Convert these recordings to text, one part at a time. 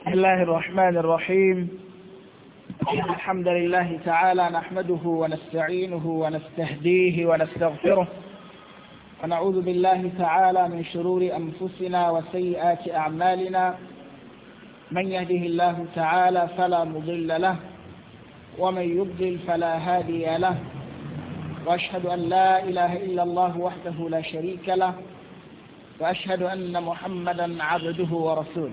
بسم الله الرحمن الرحيم الحمد لله تعالى نحمده ونستعينه ونستهديه ونستغفره ونعوذ بالله تعالى من شرور أنفسنا وسيئات أعمالنا من يهده الله تعالى فلا مضل له ومن يضل فلا هادي له وأشهد أن لا إله إلا الله وحده لا شريك له وأشهد أن محمدا عبده ورسوله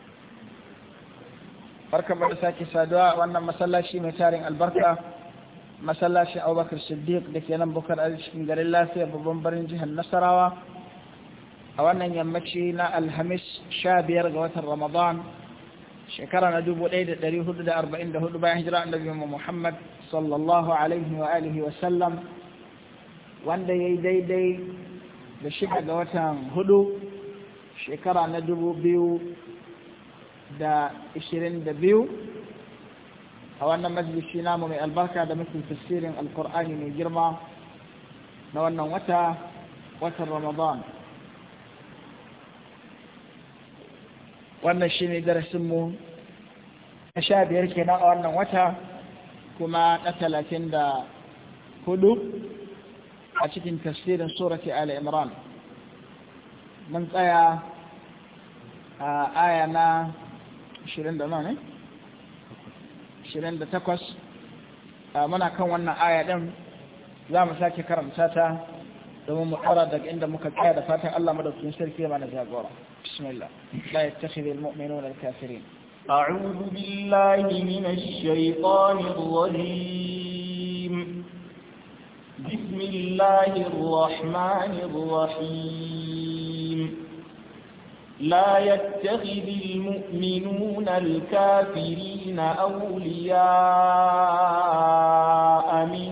barka mu da sake saduwa a wannan masallaci mai tarin albarka masallacin abubakar siddiq da ke nan bukar cikin garin lafiya babban birnin jihar nasarawa a wannan yammaci na alhamis sha biyar ga watan ramadan shekara na dubu ɗaya da ɗari hudu da arba'in da hudu bayan hijira annabi muhammad sallallahu alaihi wa alihi wa sallam wanda ya yi daidai da shida ga watan hudu shekara na dubu biyu da ishirin da biyu a wannan majalisi namu mai albarka da mafi tafsirin alkur'ani mai girma na wannan wata watan ramadan wannan shi ne darasinmu na sha biyar kenan a wannan wata kuma na talatin da hudu a cikin tafsirin surati ala imran mun tsaya a aya na ashirin da nane ashirin da takwas muna kan wannan aya ɗin za mu sake karanta ta domin mu tsara daga inda muka tsaya da fatan Allah madaukakin sarki mana jagora bismillah la yattakhidhu al-mu'minuna al-kafirin أعوذ بالله من الشيطان الرجيم بسم الله الرحمن لا يتخذ المؤمنون الكافرين أولياء من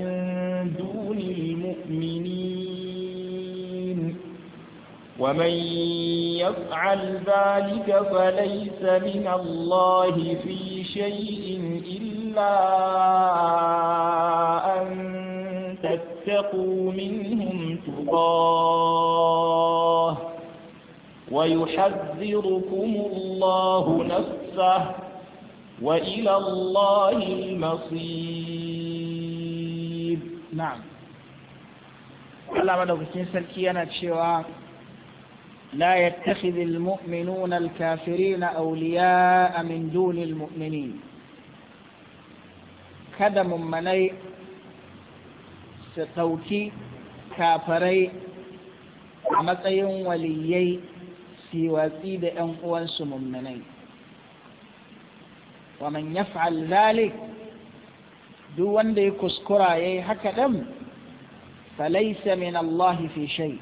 دون المؤمنين ومن يفعل ذلك فليس من الله في شيء إلا أن تتقوا منهم تقاه ويحذركم الله نفسه وإلى الله المصير نعم الله مدوكتين سلكينا تشيوا لا يتخذ المؤمنون الكافرين أولياء من دون المؤمنين kada mummanai su ɗauki kafarai a matsayin waliyai su watsi da ‘yan uwansu mummunai wa man yaf'al zalik duk wanda ya kuskura ya yi haka ɗan falaisa min fi shai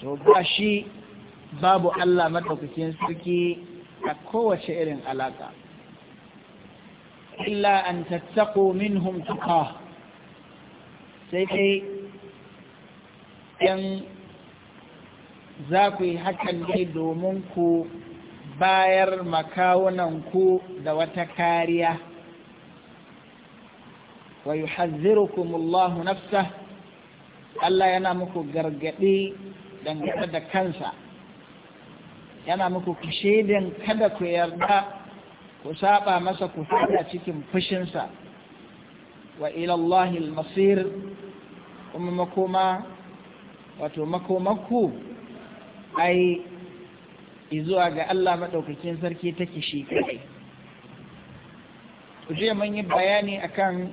to ba shi babu Allah maɗaukakin sarki a kowace irin alaƙa illa an tattako minhum tuka sai kai ‘yan za ku yi hakan ne domin ku bayar makawunanku da wata kariya wa yuhazzirukum Allahu nafsa Allah yana muku gargaɗi dangane da kansa yana muku kushedin kada ku yarda ku saba masa ku fada cikin fushinsa wa ilallahi masir kuma makoma wato makomaku ai izuwa ga Allah maɗaukakin sarki take shi kai jiya mun yi bayani akan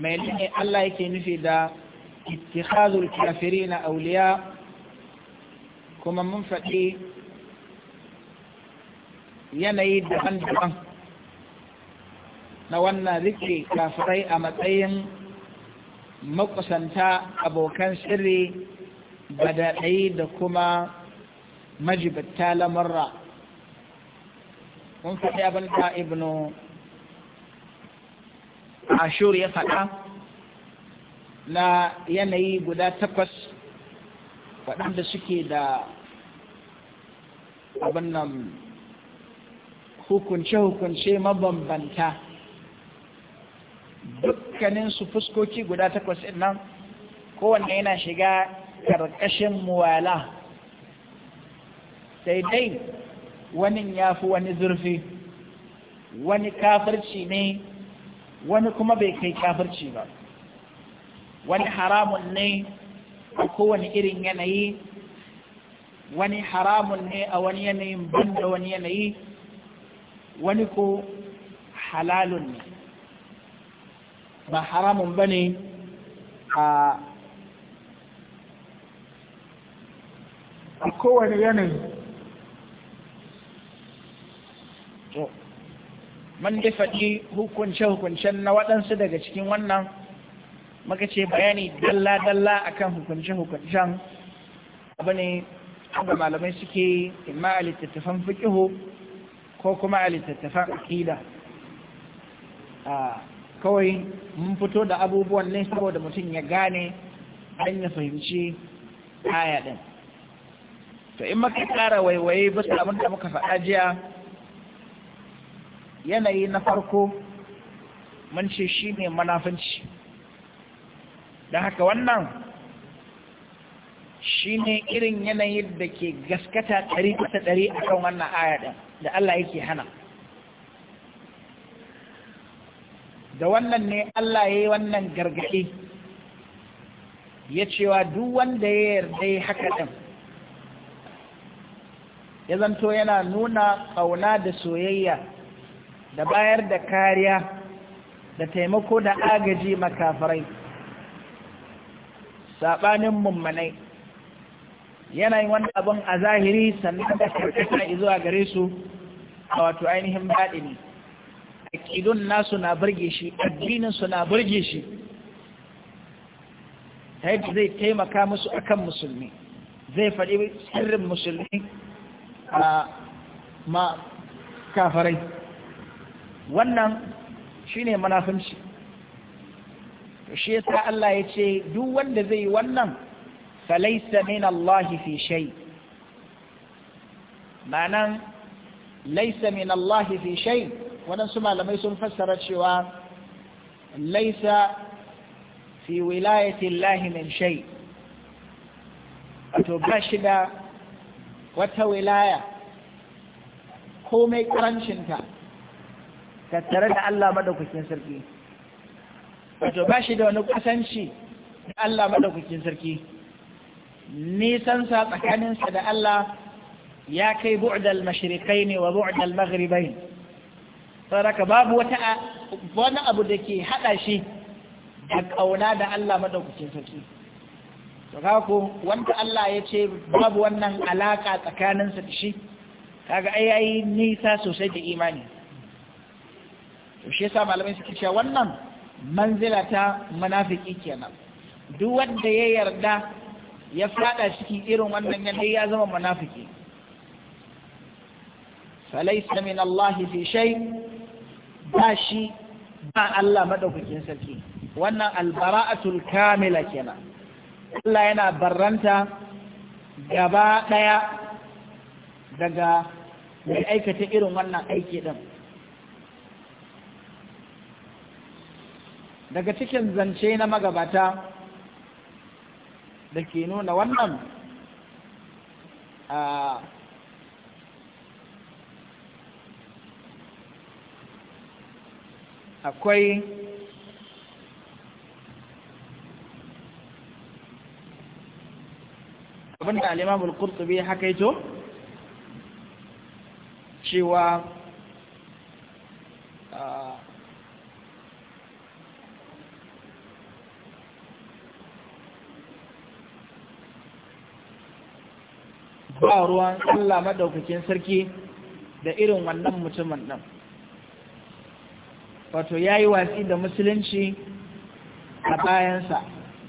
mai ne Allah yake nufi da ittikhazul kafirina awliya kuma mun faɗi yanayi daban-daban na wannan rike kafirai a matsayin makusanta abokan sirri badaɗai da kuma majibatta lamarra mun faɗi abin da ibnu ashur ya faɗa na yanayi guda takwas waɗanda suke da abin nan hukunce-hukunce mabambanta dukkaninsu fuskoki guda takwas nan kowanne yana shiga karkashin muwala sai dai wani ya fi wani zurfi wani kafirci ne wani kuma bai kai kafirci ba wani haramun ne a kowane irin yanayi wani haramun ne a wani yanayin ban da wani yanayi wani ko halalun ne ba haramun ba ne a a kowane yanayi to man da faɗi hukunce-hukuncen na waɗansu daga cikin wannan maka ce bayani dalla-dalla akan hukunce-hukuncen abu ne da malamai suke imma a littattafan fikihu ko kuma a littattafan aƙida kawai mun fito da abubuwan ne saboda mutum ya gane don ya fahimci haya ɗin to in maka ƙara waiwaye bisa abin da muka faɗa jiya yanayi na farko mun ce shi ne manafinci don haka wannan shi ne irin yanayin da ke gaskata ɗari ta ɗari a kan wannan ayyadan da Allah yake hana da wannan ne Allah ya yi wannan gargaɗi ya cewa duk wanda ya yarda ya haka ɗin ya zanto yana nuna ƙauna da soyayya da bayar da kariya da taimako da agaji makafarai saɓanin mummanai yanayin wani abin a zahiri sannan da karkata zuwa gare su a wato ainihin a aƙidun nasu na burge shi addininsu na burge shi ta yadda zai taimaka musu akan musulmi zai faɗi sirrin musulmi a ma kafarai wannan shi ne manafinci. shi Allah ya ce duk wanda zai yi wannan falaisa min Allah fi shai. ma'anan laisa min Allah fi shay waɗansu malamai sun fassara cewa laisa fi wilayati Allah min wato ba shi da wata wilaya komai karancinta tattare da Allah maɗaukakin sarki wato ba shi da wani kusanci da Allah maɗaukakin sarki nisansa tsakaninsa da Allah ya kai bu'dal mashirikai ne wa bu'dal maghribai saboda babu wata wani abu da ke haɗa shi da ƙauna da Allah maɗaukakin sarki to wanda Allah ya ce babu wannan alaka tsakaninsa da shi kaga ai nisa sosai da imani to shi yasa malamai suke cewa wannan manzila ta munafiki kenan duk wanda ya yarda ya fada ciki irin wannan yanayi ya zama munafiki falaysa min Allah fi shay ba shi ba Allah madaukakin sarki wannan albara'atul kamila kenan Allah yana barranta gaba ɗaya daga mai aikata irin wannan aiki ɗin daga cikin zance na magabata da ke nuna wannan a akwai abinda al-imam haka ito cewa ba ruwan Allah madaukakin sarki da irin wannan mutumin nan wato ya yi watsi da musulunci a bayansa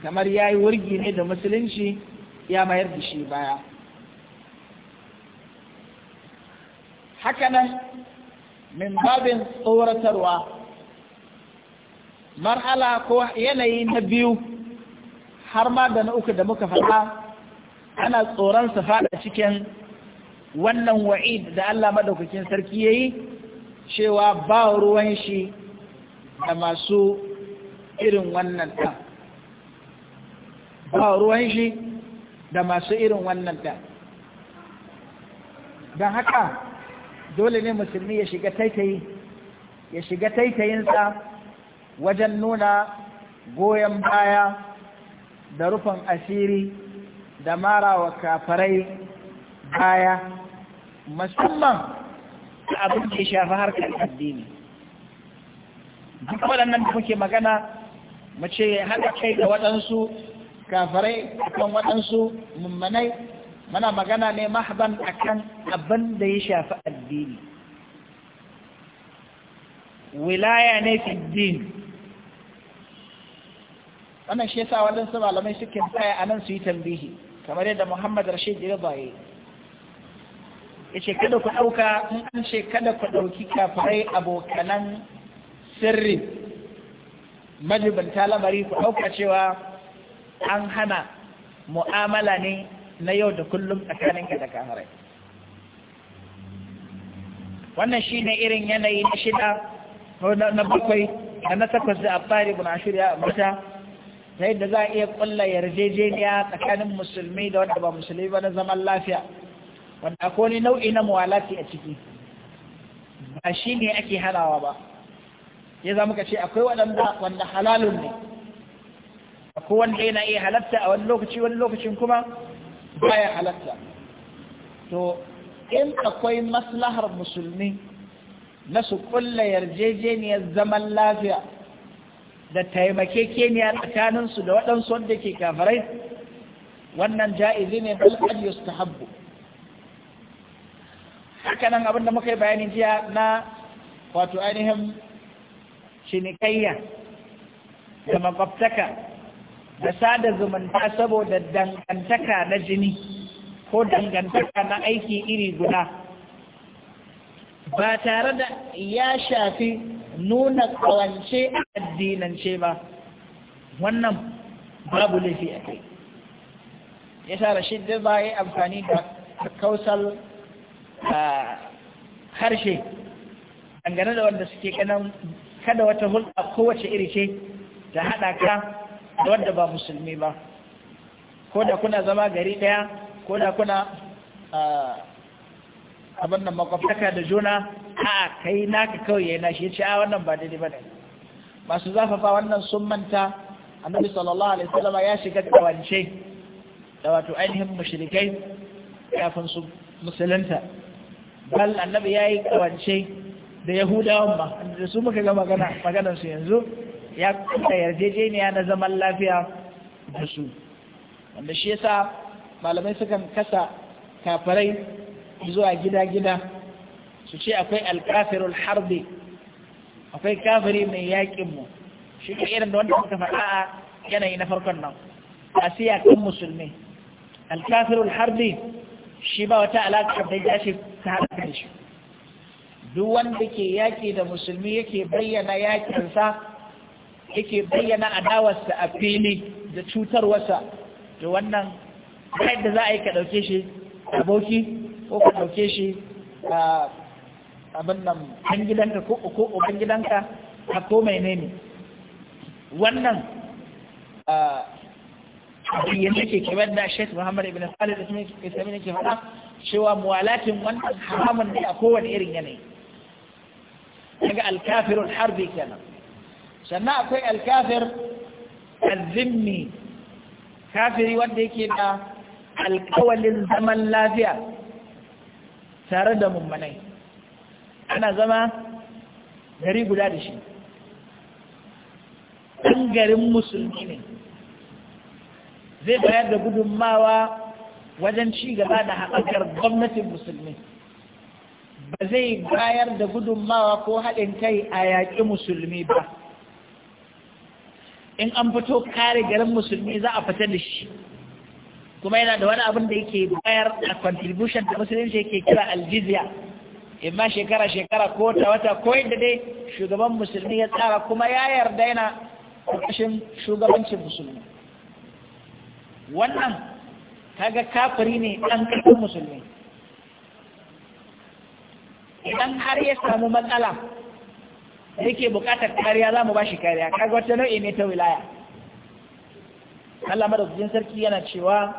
kamar ya yi wurgi ne da musulunci ya mayar da shi baya Haka nan, min babin tsoratarwa marhala ko yanayi na biyu har ma da na uku da muka faɗa ana tsoron su faɗa cikin wannan wa'id da Allah madaukakin sarki ya yi cewa ba ruwan shi da masu irin wannan ɗan ba ruwan shi da masu irin wannan da don haka dole ne musulmi ya shiga taitayi ya shiga taitayinsa wajen nuna goyon baya da rufin asiri da mara wa kafarai baya musamman abin da ya shafi harkar addini duk waɗannan da kuke magana mu ce haɗa kai da waɗansu kafirai akan waɗansu mummanai mana magana ne mahban akan abin da ya shafi addini wilaya ne fi din wannan shi yasa waɗansu malamai suke tsaye a nan su yi tambihi kamar yadda muhammad rashid rida ya ya ce kada ku ɗauka in an ce kada ku ɗauki kafirai abokanan sirri majibin lamari ku ɗauka cewa an hana mu'amala ne na yau da kullum tsakaninka da kamarai wannan shi ne irin yanayi na shida na bakwai da na takwas da afari guna shirya a mata ta yadda za a iya kulla yarjejeniya tsakanin musulmi da wanda ba musulmi ba na zaman lafiya wanda akwai nau'i na muwalati a ciki ba shi ne ake hanawa ba ya zama ka ce akwai waɗanda wanda halalun ne ko wanda yana iya halatta a wani lokaci wani lokacin kuma baya halatta to in akwai maslahar musulmi na su kulla yarjejeniyar zaman lafiya da taimake keniya tsakaninsu da waɗansu wanda ke kafirai, wannan ja'izi ne bal qad yustahabbu haka nan abin da muka yi bayani jiya na wato ainihin cinikayya da makwabtaka da sada zumunta saboda dangantaka na jini ko dangantaka na aiki iri guda ba tare da ya shafi nuna kawance a addinance ba wannan babu laifi a kai ya sa rashid da ba amfani da kausal harshe dangane da wanda suke kanan kada wata hulɗa kowace irice ta haɗa ka da wanda ba musulmi ba ko da kuna zama gari ɗaya ko da kuna ah, abin da makwabtaka da juna a kai naka kawai na shi ce a wannan ba daidai ba ne masu zafafa wannan sun manta annabi sallallahu alaihi wasallam ya shiga wance da wato ainihin mushrikai kafin su musulunta bal annabi ya yi kawance da yahudawan ba da su muka ga magana yanzu ya yarjejeniya na zaman lafiya da su wanda shi yasa malamai sukan kasa kafarai zuwa gida-gida su ce akwai alkafirul harbi akwai kafiri mai yaƙinmu shi ka irin da wanda suka faɗa a yanayi na farkon nan a siya kan musulmi alkafirul harbi shi ba wata alaƙa da ya shi ta haɗa da shi duk wanda ke yaƙi da musulmi yake bayyana yaƙinsa yake bayyana adawarsa a fili da cutarwarsa da wannan yadda za a yi ka ɗauke shi aboki ko ka ɗauke shi abin nan ɗan gidanka ko uban gidanka a ko mai ne wannan yadda ke kamar da shek muhammad ibn salih da sami ke faɗa cewa muwalatin wannan haramun ne a kowane irin yanayi daga alkafirul harbi kenan sannan akwai alkafir azimmi kafiri wanda yake da alkawalin zaman lafiya tare da mummanai ana zama gari guda da shi ɗan garin musulmi ne zai bayar da gudunmawa wajen ci gaba da haɓakar gwamnatin musulmi ba zai bayar da gudunmawa ko haɗin kai a yaƙi musulmi ba in an fito kare garin musulmi za a fita da shi kuma yana da wani abin da yake bayar a contribution da musulunci yake kira aljiziya. imma shekara-shekara ko ta wata ko yadda dai shugaban musulmi ya tsara kuma ya yarda yana ƙarƙashin shugabancin musulmi wannan kaga kafiri ne ɗan ƙarfin musulmi idan har ya samu matsala da yake bukatar kariya za mu ba shi kariya kaga wata nau'i ne ta wilaya Allah madaukakin sarki yana cewa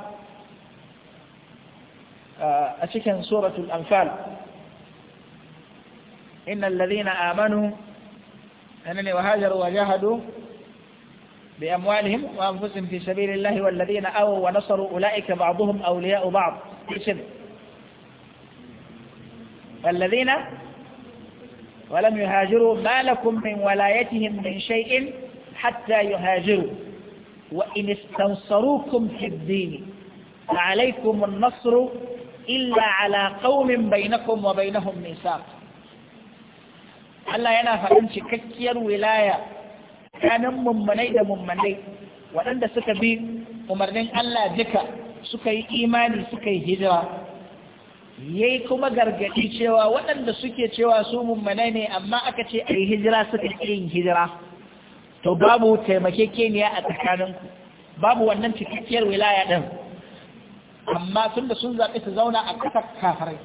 uh, a cikin suratul anfal innal ladhina amanu annani wa hajaru wa jahadu bi amwalihim wa anfusihim fi sabilillahi wa ladhina awaw wa nasaru ulaika ba'dhum awliya'u ba'd والذين ولم يهاجروا ما لكم من ولايتهم من شيء حتى يهاجروا وإن استنصروكم في الدين فعليكم النصر إلا على قوم بينكم وبينهم ميثاق Allah yana faɗin cikakkiyar wilaya tsakanin mummunai da mummunai waɗanda suka bi umarnin Allah duka suka yi imani suka yi hijira yayi kuma gargadi cewa waɗanda suke cewa su mummana ne amma aka ce a yi hijira suka yin hijira to babu taimakekeniya a tsakaninku babu wannan cikakkiyar wilaya ɗin amma tun da sun zaɓi su zauna a ƙasar kafarai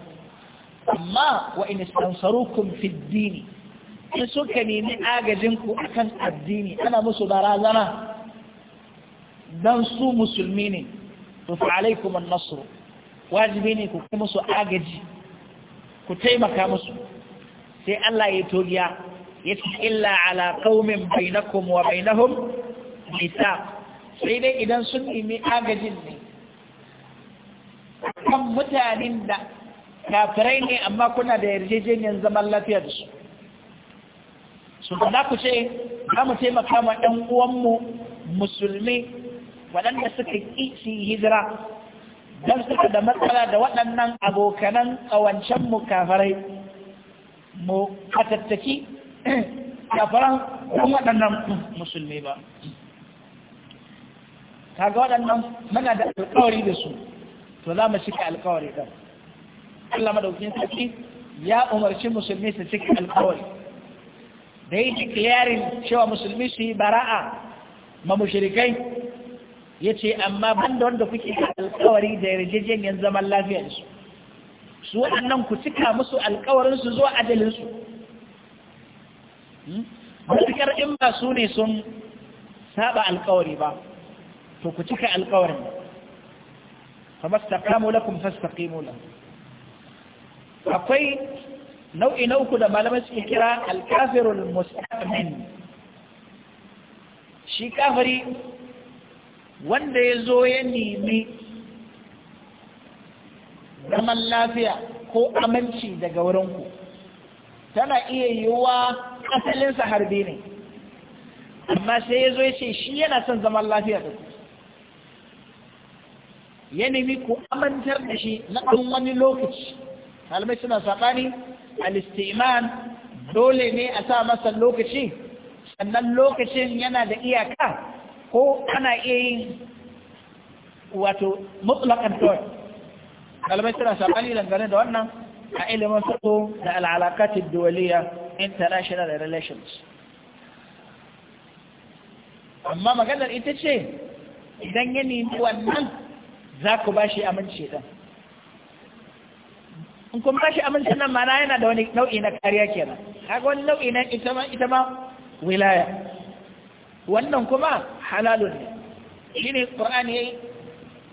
amma wa in istansarukum fi dini in suka nemi agajinku kan addini ana musu barazana dan su musulmi ne to fa an-nasr wajibi ne ku kai musu agaji ku taimaka musu sai Allah ya togiya ya ce illa ala qaumin bainakum wa bainahum mithaq sai dai idan sun nemi agajin ne kan mutanen da kafirai ne amma kuna da yarjejeniyar zaman lafiya da su su da ku ce za mu taimaka ma ɗan uwanmu musulmi waɗanda suka ƙi su hijira don suka da matsala da waɗannan abokanan tsawancen mu kafarai mu katattaki kafaran kun waɗannan musulmi ba kaga waɗannan muna da alƙawari da su to za mu cika alƙawari ɗan Allah madaukin sarki ya umarci musulmi su cika alƙawari da yi yarin cewa musulmi su yi bara'a ma mushrikai ya ce amma ban da wanda kuke alkawari da yarjejeniyar zaman lafiyarsu su waɗannan ku cika musu alkawarinsu zuwa adalinsu hmm? matukar in ba su ne sun saba alkawari ba to ku cika alkawarin fa mastaqamu lakum fastaqimu lahum akwai nau'i na uku da malamai suke kira alkafirul mustaqim shi kafari. wanda ya zo ya nemi zaman lafiya ko aminci daga wurinku tana iya yiwuwa asalinsa harbi ne amma sai ya zo ya ce shi yana son zaman lafiya da ku ya nemi ku amintar da shi na ɗan wani lokaci halmai suna saɓani alistiman dole ne a sa masa lokaci sannan lokacin yana da iyaka ko ana iya yin wato mutlakan kawai kalmai suna sabani dangane da wannan a ilimin fito da al'alakatin duwaliya international relations amma maganar ita ce idan ya nemi wannan za ku ba shi amince ɗan in kuma ba shi amince nan mana yana da wani nau'i na kariya kenan haka wani nau'i na ita ma wilaya wannan kuma halalun ne shi ne ƙur'ani ya yi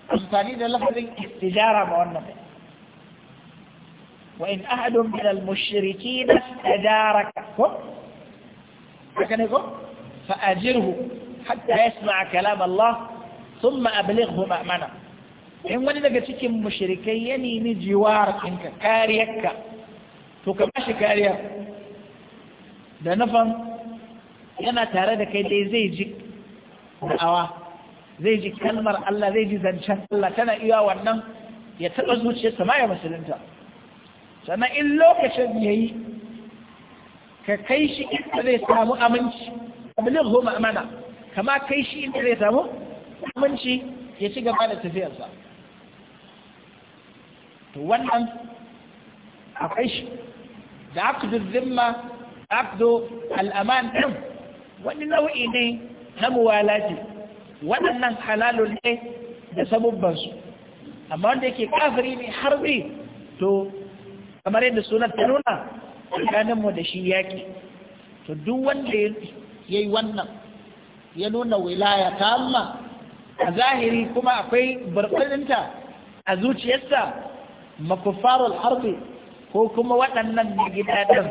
amfani da lafazin istijara ma wannan ne wa'in ahadun min al-mushriki da tajaraka ko haka ne ko fa ajirhu hatta a kalam Allah sun ma'abalin hu ma'amana in wani daga cikin mushrikai ya nemi jiwar ɗinka kariyarka to ka bashi kariyar da nufan yana tare da kai dai zai ji da'awa zai ji kalmar Allah zai ji zancen Allah tana iya wannan ya taɓa zuciyarsa ma ya musulunta sannan in lokacin ya yi ka kai shi inda zai samu aminci abinin homa amana kama kai shi inda zai samu aminci ya ci gaba da tafiyarsa to wannan akwai shi da aqdu zimma aqdu al'aman din wani nau'i ne na muwalaji waɗannan halalun ne da sabubbansu amma wanda yake kafiri ne harbi to kamar yadda sunan ta nuna tsakaninmu da shi yaƙi to duk wanda ya yi wannan ya nuna wilaya ta amma a zahiri kuma akwai barbarinta a zuciyarsa makufarul harbi ko kuma waɗannan gidajen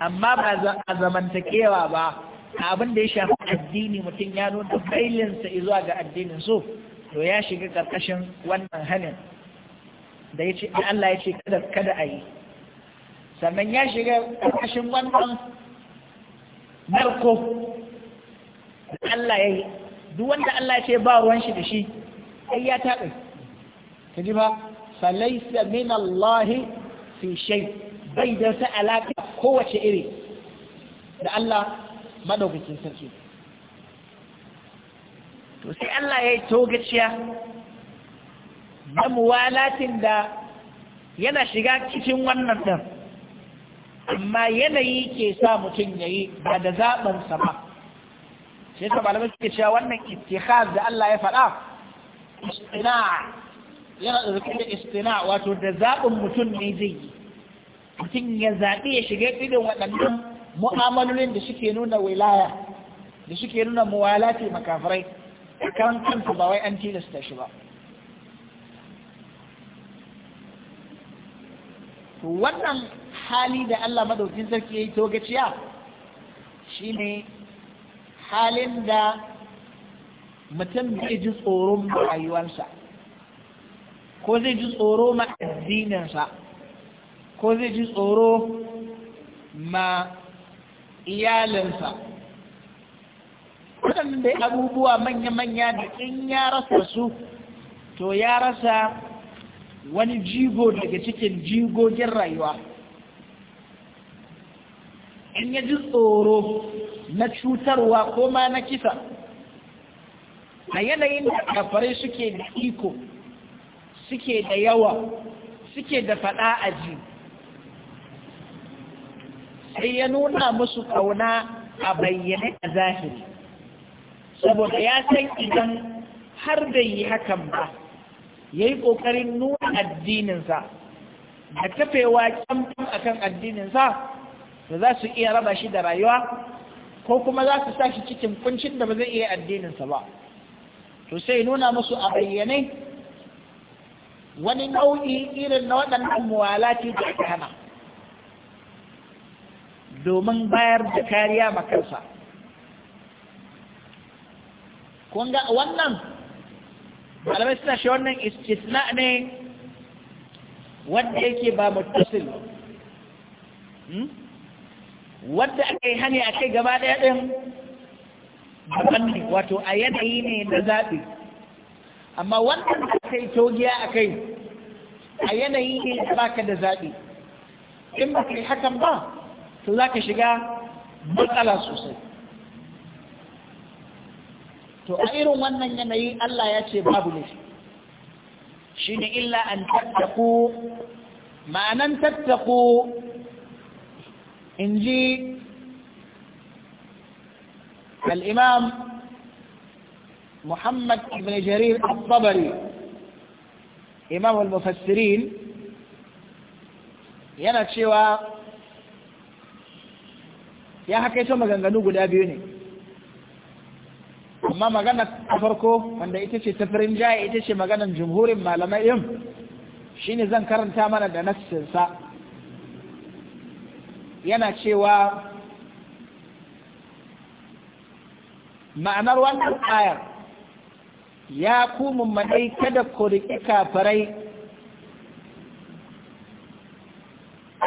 amma ba a zamantakewa ba abin da ya shafi addini mutum ya nuna bailinsa zuwa ga addinin so to ya shiga ƙarƙashin wannan hanin da ya ce Allah ya ce kada kada a yi sannan ya shiga ƙarƙashin wannan narko da Allah ya yi duk wanda Allah ya ce ba ruwan shi da shi ai ya taɓe ka ji ba falaisa min Allah fi shay bai da sa alaka kowace iri da Allah madaukakin sarki to sai Allah ya yi togaciya na muwalatin da yana shiga cikin wannan ɗan amma yanayi ke sa mutum ya yi ba da zaɓinsa ba sai yasa malamai suke cewa wannan ittihaz da Allah ya faɗa istina yana da zuke da istina'a wato da zaɓin mutum ne zai yi mutum ya zaɓi ya shiga irin waɗannan mu'amalolin da suke nuna wilaya da suke nuna muwalati makafirai kan kansu ba wai an tilasta shi ba wannan hali da Allah madaukin sarki ya to togaciya shi ne halin da mutum zai ji tsoron rayuwarsa ko zai ji tsoro ma addininsa ko zai ji tsoro ma iyalinsa waɗannan dai abubuwa manya-manya da in ya rasa su to ya rasa wani jigo daga cikin jigogin rayuwa in ya ji tsoro na cutarwa ko ma na kisa a yanayin da kafare suke da iko suke da yawa suke da faɗa a ji sai ya nuna musu ƙauna a bayyane a zahiri saboda ya san idan har da yi hakan ba ya yi ƙoƙarin nuna addininsa da tafewa a akan addininsa da za su iya raba shi da rayuwa ko kuma za su sa shi cikin kuncin da ba zai iya addininsa ba to sai nuna musu a bayyane wani nau'i irin na waɗannan muwalati da aka hana domin bayar da kariya makarsa wannan malamai suna shi wannan istisna ne wanda yake ba mutusil hmm? wadda aka yi hani a kai gaba ɗaya ɗin daban ne wato a yanayi ne na zaɓi amma wannan da aka yi togiya a kai a yanayi ne da baka da zaɓi in ba ka yi hakan ba to za ka shiga matsala sosai to a irin wannan yanayi Allah ya ce babu ne shi ne illa an tattaku ma'anan tattaku in ji الإمام محمد بن جرير الطبري إمام المفسرين ينشوى ya haka ito maganganu guda biyu ne amma magana ta farko wanda ita ce tafirin jaya ita ce maganan jumhurin malamai yin shine zan karanta mana da nassinsa yana cewa ma'anar wannan ayar ya ku maɗai kada ku riƙi kafirai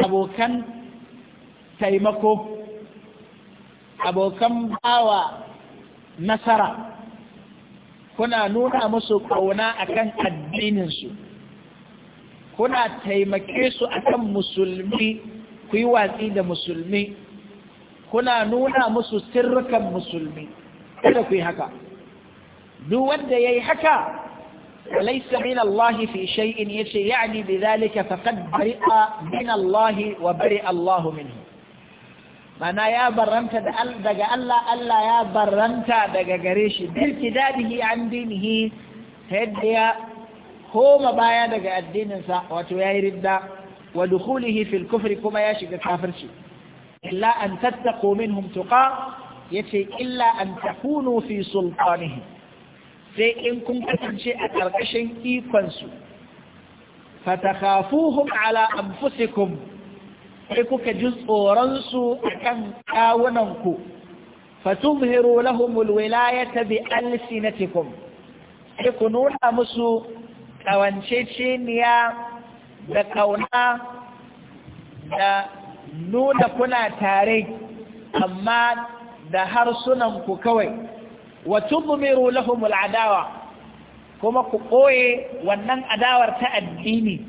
abokan taimako abokan bawa nasara kuna nuna musu ƙauna akan addininsu kuna taimake su akan musulmi ku yi watsi da musulmi kuna nuna musu sirrukan musulmi kada ku yi haka duk wanda ya yi haka وليس من الله في شيء يتي يعني بذلك فقد برئ من الله وبرئ الله منه mana ya barranta daga Allah Allah ya barranta daga gare shi bilkidadihi an dinihi yadda ya koma baya daga addininsa wato yayi ridda wa dukulihi fil kufri kuma ya shiga kafirci illa an tattaqu minhum tuqa ce, illa an takunu fi sultanihi sai in kun kasance a karkashin ikonsu fatakhafuhum ala anfusikum sai kuka ji tsoronsu a kan kawunanku fatubhiru lahumul wilayata bi tekun. sai ku nuna musu ƙawanceceniya da kauna da nuna kuna tare amma da harsunanku kawai wa tubmiru lahumul adawa kuma ku ɓoye wannan adawar ta addini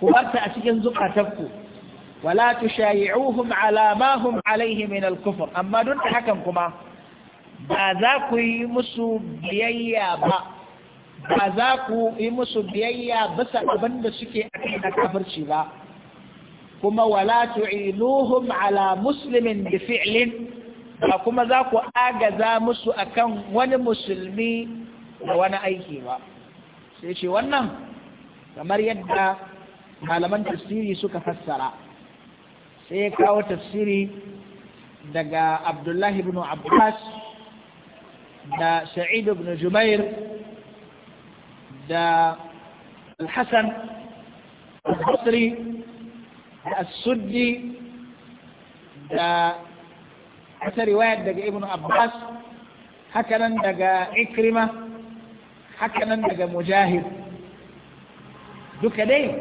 ku barta a cikin zukatanku wala tushayi'uhum ala ma hum alaihi min al amma duk da hakan kuma ba za ku yi musu biyayya ba ba yi musu biyayya bisa da suke a na kafirci ba kuma wala tu'inuhum ala musulmin bi fi'lin ba kuma za ku agaza musu akan wani musulmi da wani aiki ba sai ce wannan kamar yadda malaman tafsiri suka fassara sai ya kawo tafsiri daga abdullahi ibn abbas da sa'id ibn jubair da alhassan al-basri da as-suddi da wata riwayar daga ibn abbas hakanan daga ikrima hakanan daga mujahid duka dai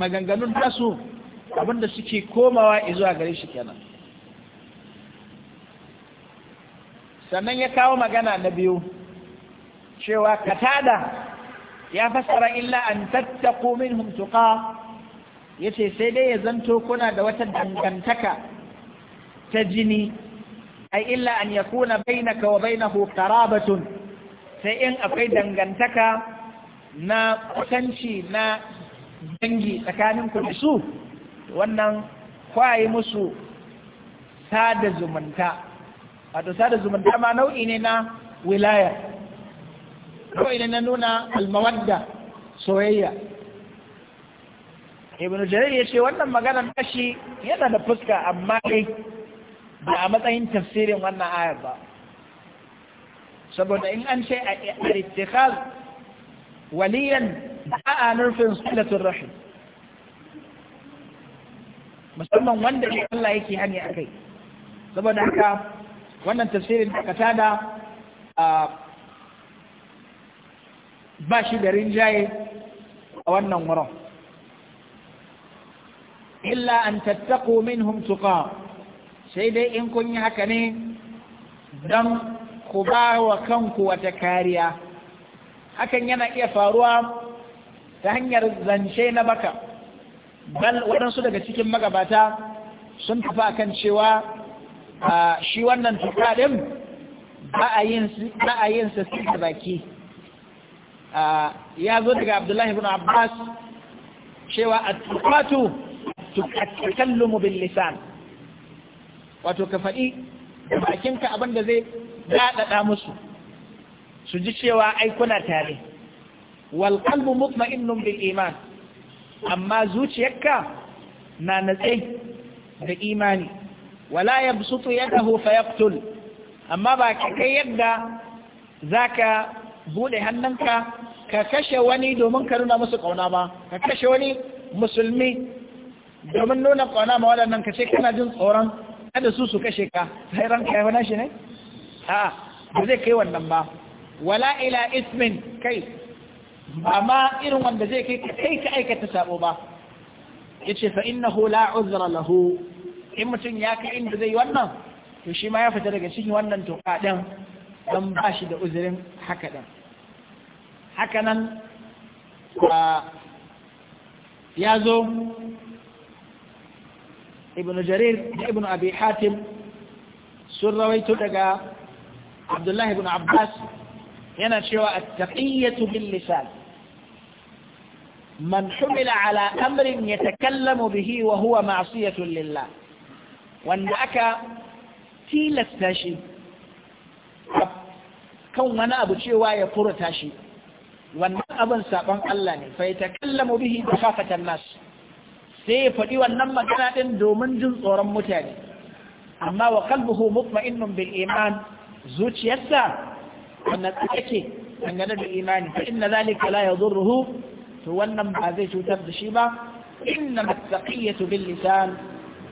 maganganun tasu abinda suke komawa izuwa gare shi kenan sannan ya kawo magana na biyu cewa katada ya fassara illa an tattaku minhum tuqa yace sai dai ya zanto kuna da wata dangantaka ta jini ai illa an yakuna bainaka wa bainahu qarabatun sai in akwai dangantaka na kusanci na dangi tsakaninku da su wannan kwaye musu sada zumunta wato sada zumunta ma nau'i ne na wilaya nau'i ne na nuna almawadda soyayya ibn jarir ya ce wannan maganar kashi yana da fuska amma dai ba a matsayin tafsirin wannan ayar ba saboda in an ce a ittikhaz waliyan ba a nufin sulatun rahim musamman wanda ne Allah yake hani a kai saboda haka wannan tafsirin da kata da ba shi da rinjaye a wannan wurin illa an tattaku minhum tuqa sai dai in kun yi haka ne don ku ba wa kanku wata kariya hakan yana iya faruwa ta hanyar zance na baka bal waɗansu daga cikin magabata sun tafi kan cewa shi wannan tuka ba a yin sa da baki ya zo daga abdullahi ibn abbas cewa a tukatu tukakallumu bin lisan wato ka faɗi bakinka abinda zai daɗaɗa musu su ji cewa ai kuna tare wal qalbu mutma'innun bil iman amma zuciyarka na natsai da imani wala ya yadahu fayaqtul amma ba kai yadda zaka bude hannunka ka kashe wani domin ka nuna musu ƙauna ba ka kashe wani musulmi domin nuna ƙauna ma waɗannan ka ce kana jin tsoron kada su su kashe ka sai ranka ya wani nashi ne a'a ba zai kai wannan ba wala ila ismin kai ba ma irin wanda zai kai kai ka aikata sabo ba yace fa innahu la uzra lahu in mutum ya kai inda zai wannan to shi ma ya fita daga cikin wannan toka din dan ba shi da uzurin haka din haka nan ya zo ibn jarir da ibn abi sun rawaito daga abdullahi ibn abbas yana cewa a taqiyyatu bil man al'amarin ya amrin yatakallamu bihi wa huwa ma'siyatun lillah wanda aka tilasta shi kan wani abu cewa ya furta tashi wannan abin saban Allah ne fa yatakallamu bihi khafatan nas sai ya faɗi wannan magana ɗin domin jin tsoron mutane amma wa qalbuhu mutma'innun bil iman zuciyarsa wannan take dangane da imani fa inna zalika la yadurruhu فوانا مع ذيته تبدا شيبا إنما التقية باللسان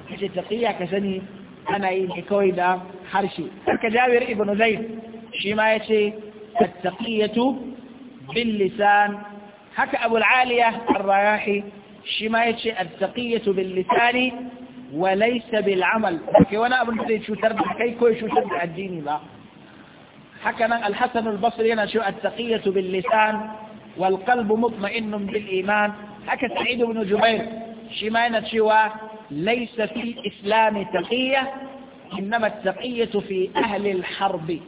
حيث التقية كسني أنا إيه حكوي دا حرشي كجابر ابن زيد شيما يتي التقية باللسان حكى أبو العالية الرياحي شيما يتي التقية باللسان وليس بالعمل وانا ابن زيد شو تربع كي كوي شو تربع الديني با حكى الحسن البصري أنا شو التقية باللسان والقلب مطمئن بالإيمان حكى سعيد بن جبير شمانة شوى ليس في الإسلام تقية إنما التقية في أهل الحرب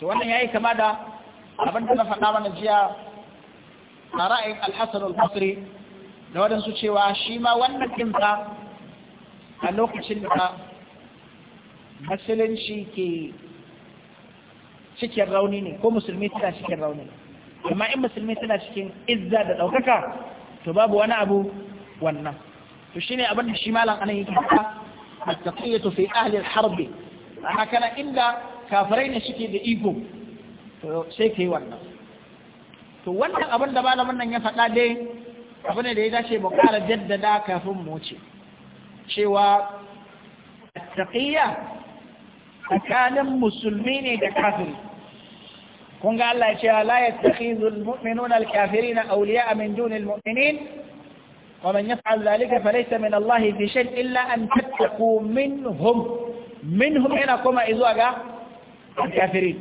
تولي هيك ماذا أبنتنا فقامنا جيا رأي الحسن البصري لو waɗansu cewa shi ma wannan ɗinsa a lokacin شيكي شيكي الرونيني cikin rauni ne الرونيني amma in musulmi suna cikin izza da ɗaukaka to babu wani abu wannan to shine abin da shi malam anan yake haka attaqiyatu fi ahli al-harb ana kana inda kafirai ne suke da iko to sai kai wannan to wannan abin da malamin nan ya faɗa dai abu ne da ya dace mu ƙara jaddada kafin mu wuce cewa attaqiyya tsakanin musulmi ne da kafiri kun ga Allah ya ce la yattakhidhu almu'minuna alkafirina awliya'a min duni almu'minin wa man yaf'al dhalika falaysa min Allah fi shay illa an tattaqu minhum minhum ina kuma izuwa ga alkafirin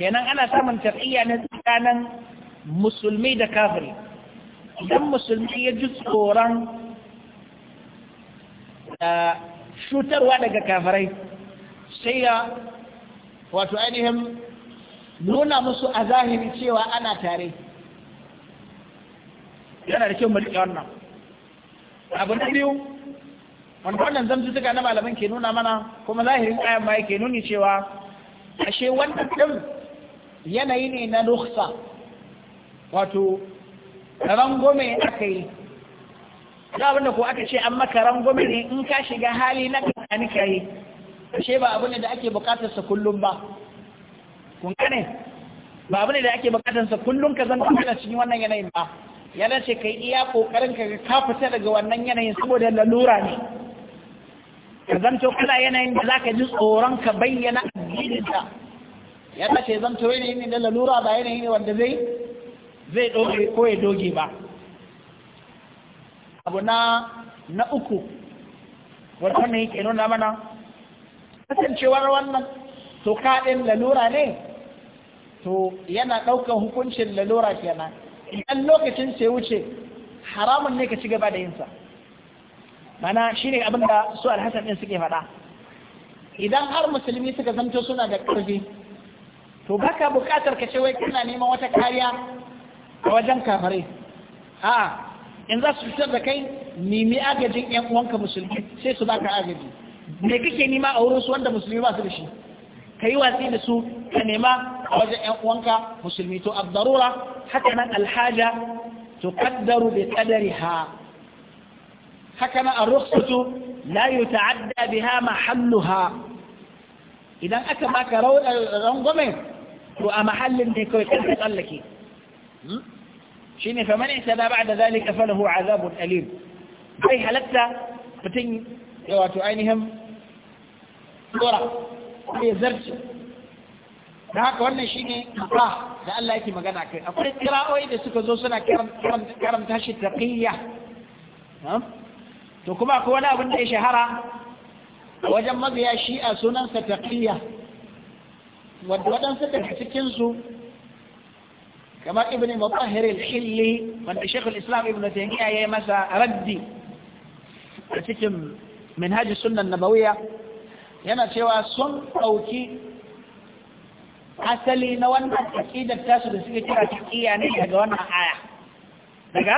kenan ana samun tafiyya ne tsakanin musulmi da kafiri idan musulmi ya ji tsoron cutarwa daga kafirai sai ya wato ainihin nuna musu a zahiri cewa ana tare yana da kyau mu riƙe wannan abu na biyu wanda wannan zamtutuka na malaman ke nuna mana kuma zahirin ayan ma yake nuni cewa ashe wannan ɗin yanayi ne na rukhsa wato rangome aka yi da abinda ko aka ce an maka rangome ne in ka shiga hali na ka yi ashe ba abu ne da ake bukatarsa kullum ba kun gane ba abu ne da ake bukatansa kullum ka zan kana cikin wannan yanayin ba yana ce yi iya kokarin ka ka fita daga wannan yanayin saboda lalura ne ka zanto kana yanayin da zaka ji tsoron ka bayyana addininka ya ce zanto yanayin ne da lalura ba yanayi ne wanda zai zai doge ko ya doge ba abu na na uku wannan ke nuna mana kasancewar wannan to kaɗin lalura ne to yana ɗaukar hukuncin lalura kenan idan lokacin sai wuce haramun ne ka ci gaba da yinsa mana shine abin da su alhassan din suke faɗa idan har musulmi suka zanto suna da ƙarfi to baka buƙatar ka ce wai kana neman wata kariya a wajen kafare a'a in za su fitar da kai nemi agajin yan uwanka musulmi sai su baka agaji me kake nema a wurin su wanda musulmi ba su da shi ka yi watsi da su ka nema وانك مسلمي تؤد ضرورة حكما الحاجة تقدر بقدرها حكما الرخصة لا يتعدى بها محلها إذا أتى معك رنظمة هو محل ديكوي قال لك شيني فمن اعتدى بعد ذلك فله عذاب أليم أي حلقت بتن يواتو عينهم ورا يزرش da haka wannan shi ne ba da Allah yake magana kai akwai kira'o'i da suka zo suna karanta shi taqiyya to kuma akwai wani abin da ya shahara wajen mabiya a sunansa taqiyya wadda waɗansu daga cikinsu kamar ibn mutahhir al-hilli wanda shaykh islam ibn taymiyyah yayi masa raddi a cikin minhaj sunan nabawiyya yana cewa sun ɗauki asali na wannan aqidar tasu da suke kira taqiya ne daga wannan aya daga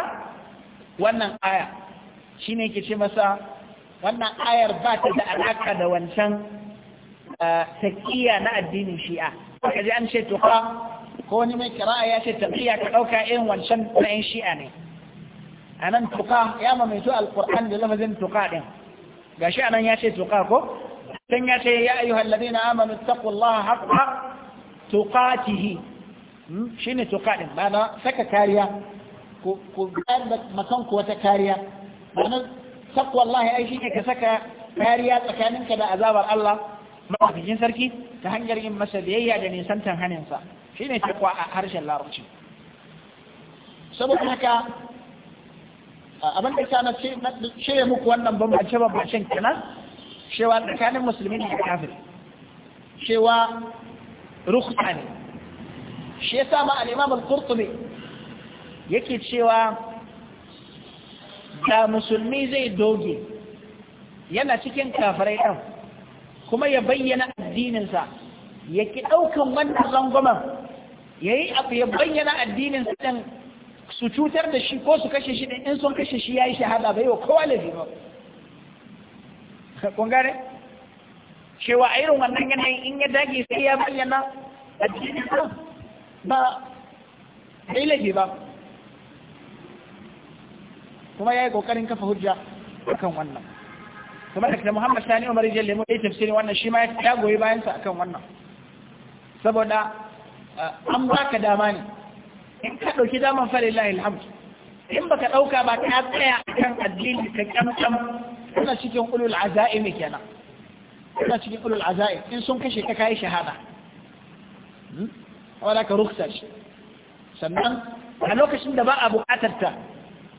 wannan aya shine yake ce masa wannan ayar ba ta da alaka da wancan taqiya eh, na addinin Shi'a kaga ji an ce tuqa ko ni mai kira'a ya ce taqiya ka dauka irin wancan na yan Shi'a ne anan tuqa ya mamaito alquran da lafazin tuqa din gashi anan ya ce tuqa ko dan ya ce ya ayyuhallazina amanu taqullaha haqqa tuqatihi hmm? shine tuqatin ma'ana saka kariya ku bayar da makan ku wata kariya ma'ana takwa Allah ai shine ka saka kariya tsakaninka da azabar Allah mafikin sarki ta hanyar yin masa biyayya da nisantan haninsa shine takwa a harshen larabci saboda haka abin da ta ce muku wannan bambance bambancen kenan cewa tsakanin musulmi da kafir cewa rukhsa ne shi yasa ma al al-qurtubi yake cewa da musulmi zai doge yana cikin kafirai ɗan kuma ya bayyana addininsa ya ki ɗaukan wannan ya yi abu ya bayyana addininsa ɗin su cutar da shi ko su kashe shi ɗin in sun kashe shi ya yi shahada bai wa kowa laifi ba kun cewa a irin wannan yanayin in ya dage sai ya bayyana a cikin ba bai laifi ba kuma ya yi ƙoƙarin kafa hujja akan wannan kuma da Muhammad Sani Umar Jalle mu yi tafsirin wannan shi ma ya goyi bayansa akan wannan saboda eh, an ba ka dama ne in ka ɗauki daman fa lillahi alhamd in baka ɗauka ba ka tsaya akan addini ka kyamkyam suna cikin ulul azaimi kenan yana cikin ulul aza'i in sun kashe ka kai shahada wala hmm? ka ruksa shi sannan a lokacin da ba a buƙatar ta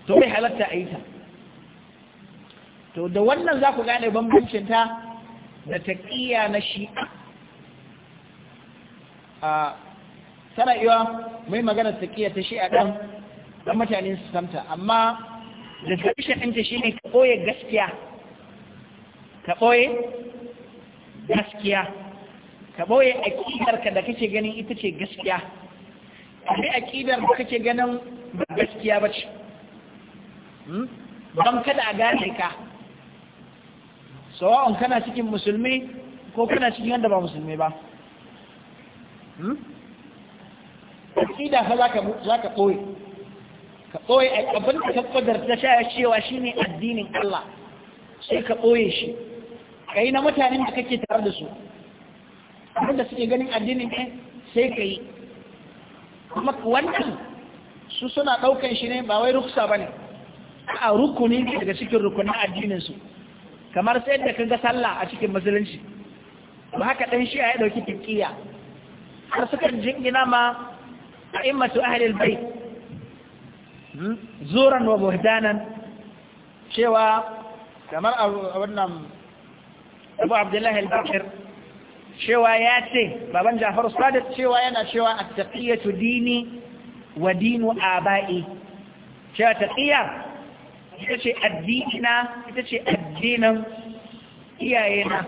to bai halatta a yi ta to da wannan za ku gane bambancin ta da taƙiya na shi. a tana iya mai magana taƙiya ta shi'a ɗan ɗan mutane su samta amma da taƙishin ta shi ne ka ɓoye gaskiya ka ɓoye gaskiya ka boye aƙidarka da kake ganin ita ce gaskiya bi aƙidar da kake ganin ba gaskiya ba ce hmm? don kada a gane ka sawa'un kana cikin musulmi ko kana cikin yadda ba musulmi ba hmm? aƙida fa za ka ɓoye ka ɓoye abin da ka ta sha cewa shi ne addinin Allah sai ka ɓoye shi ka yi na mutanen da kake tare da su abin da suke ganin addinin ne sai ka yi kuma wannan su suna ɗaukan shi ne ba wai ruksa ba ne a rukuni daga cikin rukunin addininsu kamar sai da ka ga sallah a cikin musulunci ba haka ɗan shi ya ɗauki tikiya har suka jingina ma a immatu ahalil bai hmm? zuran wa buhdanan cewa kamar a wannan abu abdullahi al-bakir cewa ya ce baban jafar sadiq cewa yana cewa at tu dini wa dinu aba'i cewa taqiya ita ce addinina ita ce addinan iyayena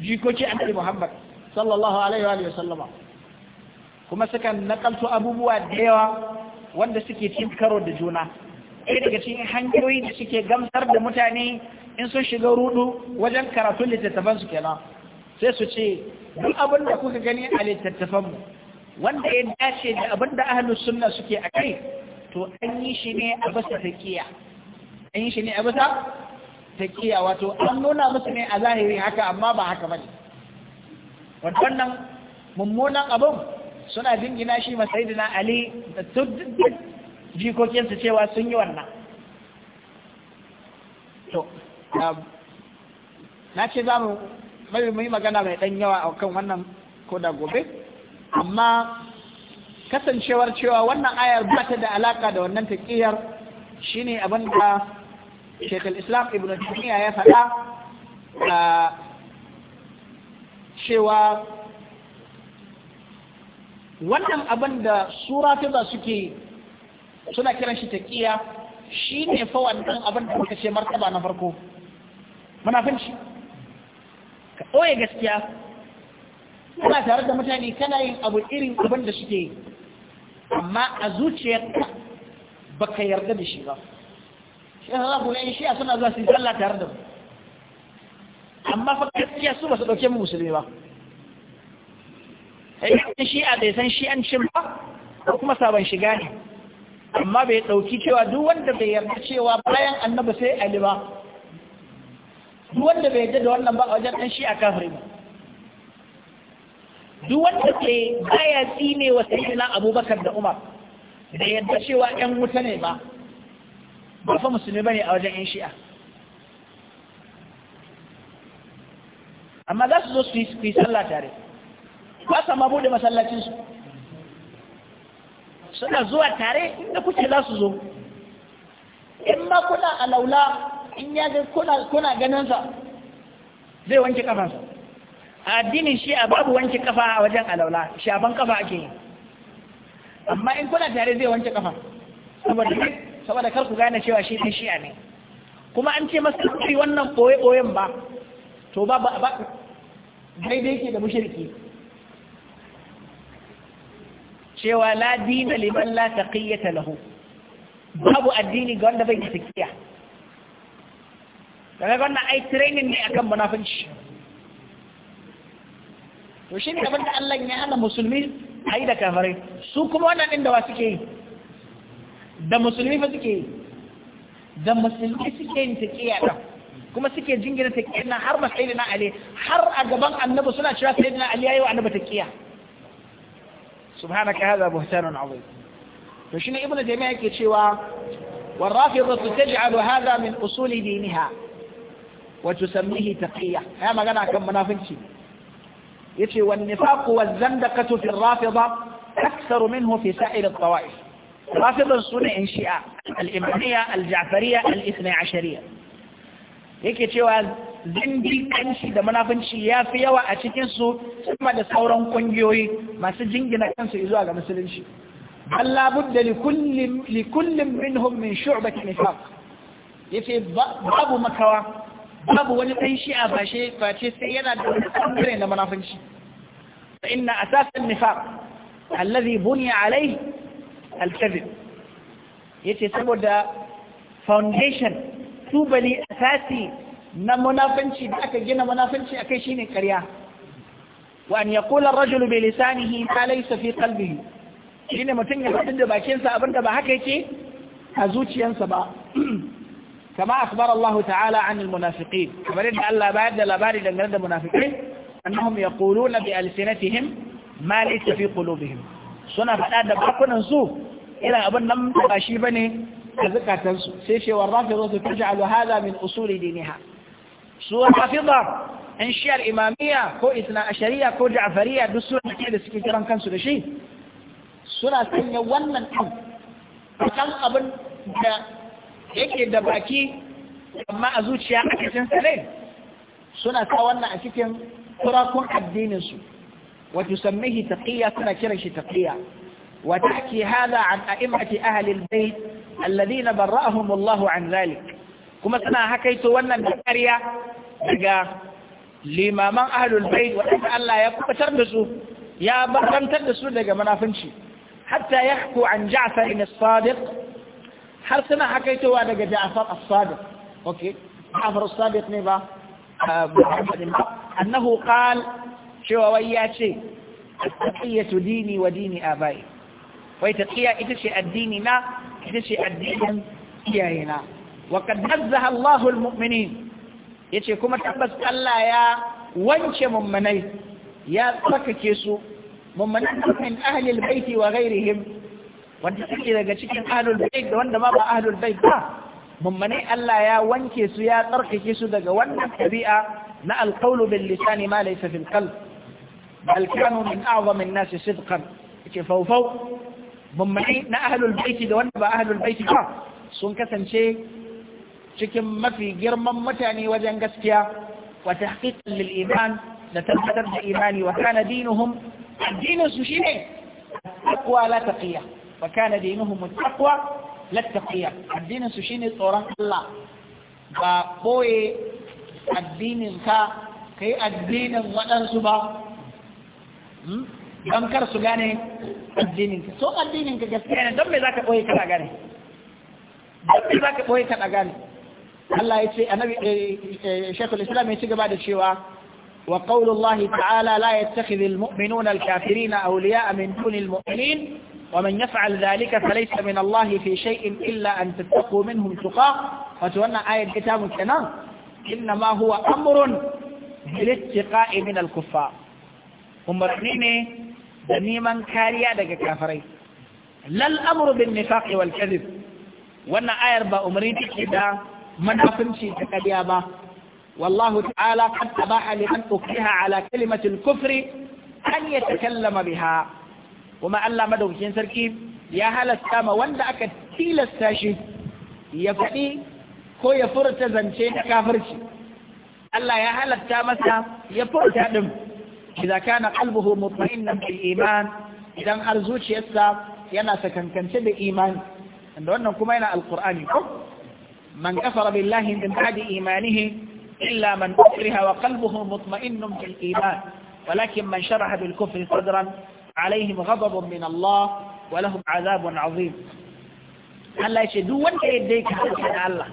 jikoki annabi muhammad sallallahu alaihi wa sallama kuma sukan nakalto abubuwa da yawa wanda suke cin karo da juna ɗaya daga cikin hanyoyi da suke gamsar da mutane in sun shiga rudu wajen karatun littattafan su kenan sai su ce duk abin da kuka gani a littattafan mu wanda ya dace da abin da ahlus sunna suke a kai to an yi shi ne a bisa taqiya an yi shi ne a bisa taqiya wato an nuna musu ne a zahiri haka amma ba haka ba ne. wannan mummunan abin suna dingina shi na ali da jikokinsu cewa sun yi wannan na ce za mu yi magana mai ɗan yawa a kan wannan ko da gobe amma kasancewar cewa wannan ayar ba ta da alaka da wannan taƙiyar shi ne abin da shekul islam ibn tafiya ya faɗa Da cewa wannan abin da suratuba suke suna kiran shi taƙiya ne fa wannan abin da muka ce martaba na farko munafinci ka ɓoye gaskiya kana tare da mutane kana yin abu irin abin da suke yi amma a zuciyar ba ka yarda da shi ba shi yasa ku ne shi suna zuwa su yi tare da mu amma fa gaskiya su ba su dauke mu musulmi ba sai a bai san shi shi'ancin ba ko kuma sabon shiga ne amma bai dauki cewa duk wanda bai yarda cewa bayan annabi sai ali ba duk wanda bai yadda da wannan ba a wajen ɗan shi a kafiri ba duk wanda ke baya tsine wa sayyidina abubakar da umar da yadda cewa ƴan wuta ne ba ba fa musulmi ne a wajen ƴan shi'a amma za su zo su yi sallah tare ba sa ma bude masallacinsu suna zuwa tare inda kuke za su zo in ma kuna alaula in ya ga kuna ganin sa zai wanke kafansa a addinin shi a babu wanke kafa a wajen alaula shafan kafa ake yi amma in kuna tare zai wanke kafa saboda kar ku gane cewa shi ɗan shi'a ne kuma an ce masa kuri wannan ɓoye-ɓoyen ba to ba ba daidai ke da mushriki cewa la dina liman la taqiyata lahu babu addini ga wanda bai da taqiya daga wannan ai training ne akan munafinci to shi ne da Allah ya hana musulmi a yi da kafirai su kuma wannan ɗin da wa suke yi da musulmi fa suke yi da musulmi suke yin taƙiya da kuma suke jingina taƙiya na har masai da na Ali har a gaban annabi suna cewa sai da na Ali ya yi wa annabi taƙiya subhanaka hadha buhtanun azim to shine ibnu taymiya yake cewa والرافضة تجعل هذا من أصول دينها wa tusammihi taqiyya ya magana kan munafinci yace wan nifaq wa zandaqatu fi rafida aktharu minhu fi sa'ir at-tawa'if rafida sunna in shi'a al-imamiyya al-ja'fariyya al-ithna 'ashariyya yake cewa zindikanci da munafinci ya fi yawa a cikinsu sama da sauran kungiyoyi masu jingina kansu zuwa ga musulunci bal labudda li kullum minhum min shu'bati nifaq yace babu makawa babu wani ɗan shi'a ba shi ba ce sai yana da wani ɓangare na munafunci fa inna asasan nifaq allazi buniya alai ya yace saboda foundation tubali asasi na munafunci da aka gina munafunci akai shine ƙarya wa an yaqula rajulu bai lisanihi ma laysa fi Shi shine mutum ya faɗi da bakinsa abinda ba haka yake a zuciyarsa ba kama akbar Allah ta'ala an almunafiqin kamar yadda Allah bayar da labari dangane da munafiqai annahum yaquluna bi alsinatihim ma laysa fi qulubihim suna faɗa da bakunan su irin abin nan ba shi bane a zakatan su sai shewar rafidu su taj'alu hadha min usuli diniha su rafida in shiyar imamiyya ko isna ashariya ko ja'fariya duk suna da suke kiran kansu da shi suna sanya wannan ɗan ɗan da yake da baki amma a zuciya a cikin sarai suna sa wannan a cikin turakun addininsu wato sammihi taƙiya suna kiran shi taƙiya wata ake hada an a'immati ahalil bai alladina barra'ahumullahu an zalik kuma suna hakaito wannan da ƙarya daga limaman ahalul bai waɗanda Allah ya kubatar da su ya barantar da su daga munafunci hatta yahku an ja'far ibn sadiq حرف ما حكيته وانا قد جعفر الصادق اوكي جعفر الصادق آه، نبا انه قال شو ويا شي التضحية ديني وديني آبائي وهي تتحية إتشي الديننا إتشي الدين إياينا وقد نزه الله المؤمنين يتشي كما تحبس ألا يا وانش ممني يا يسوع ممن من أهل البيت وغيرهم wanda suke daga cikin ahlul bait da wanda ma ba ahlul bait ba mummane Allah ya wanke su ya tsarkake su daga wannan tabi'a na alqawlu bil lisani ma laysa fil qalb bal kanu min a'zam an-nas sidqan ke fawfaw mummane na ahlul bait da wanda ba ahlul bait ba sun kasance cikin mafi girman mutane wajen gaskiya wa tahqiqan lil iman da tabbatar da imani wa kana dinuhum addinin su shine taqwa la taqiya fa kana dinuhum taqwa lattaqiya addinin su shine tsoron Allah ba boye addinin ka kai addinin waɗansu ba don kar su gane addinin ka so addinin ne don me zaka boye kana gane don me zaka boye kana gane Allah ya ce annabi Sheikhul ya ci gaba da cewa وقول الله تعالى لا يتخذ المؤمنون الكافرين أولياء من دون المؤمنين ومن يفعل ذلك فليس من الله في شيء إلا أن تتقوا منهم تقاه فتوانا آية كتاب الكنان إنما هو أمر بالاتقاء من الكفار ومرنيني دنيما كاريا دك كافري لا الأمر بالنفاق والكذب وانا آية با أمريني كده من أفنشي تكاليا با والله تعالى قد أباح لمن أكره على كلمة الكفر أن يتكلم بها kuma Allah madaukakin sarki ya halasta ma wanda aka tilasta shi ya faɗi ko ya furta zance ta kafirci Allah ya halatta masa ya furta din idza kana qalbuhu mutma'innan bil iman idan har zuciyarsa yana sakankance da imani da wannan kuma yana alqur'ani ko man kafara billahi min ba'di imanihi illa man ukriha wa qalbuhu mutma'innun bil iman ولكن من شرح بالكفر صدرا alaihim ghadabun min Allah wa lahum azabun azim Allah ce duk wanda ya dai da Allah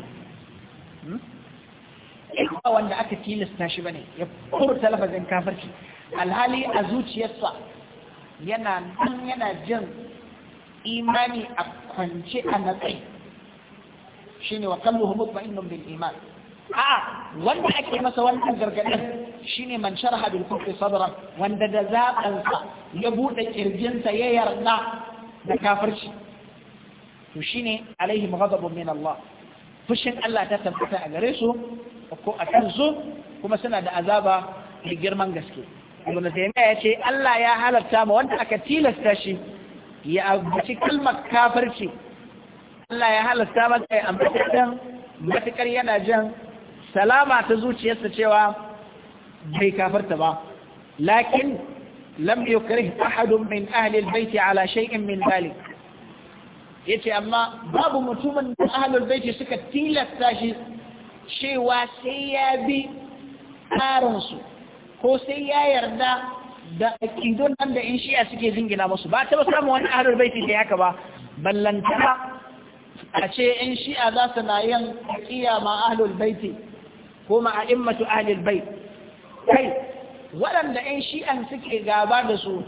ba wanda aka tilasta shi bane ya furta lafazin kafirci alhali a zuciyarsa yana nan yana jin imani a kwance a natsai shine wa qalluhu mutma'innun bil iman a'a wanda ake masa wannan gargadin shine man sharaha bil kufri sadran wanda da zaɓansa ya buɗe kirjinsa ya yarda da kafirci to shine alaihi ghadabun min Allah fushin Allah ta tabbata a gare su ko a su, kuma suna da azaba mai girman gaske ibn taymiya ya ce Allah ya halarta ma wanda aka tilasta shi ya abuci kalmar kafirci Allah ya halarta maka ya ambata dan matukar yana jan salama ta zuciyarsa cewa bai kafarta ba lakin lam yukrih ahadun min ahli albayt ala shay'in min dhalik yace amma babu mutumin da ahli albayt suka tilasta shi cewa sai ya bi tsarinsu ko sai ya yarda da akidun nan da in shi'a suke jingina musu ba ta ba samu wani ahli albayt da yaka ba ballantana a ce in shi'a za su na yin ma ahlul baiti ko ma'a'immatu ahlil bait kai waɗanda 'yan shi'an suke gaba da su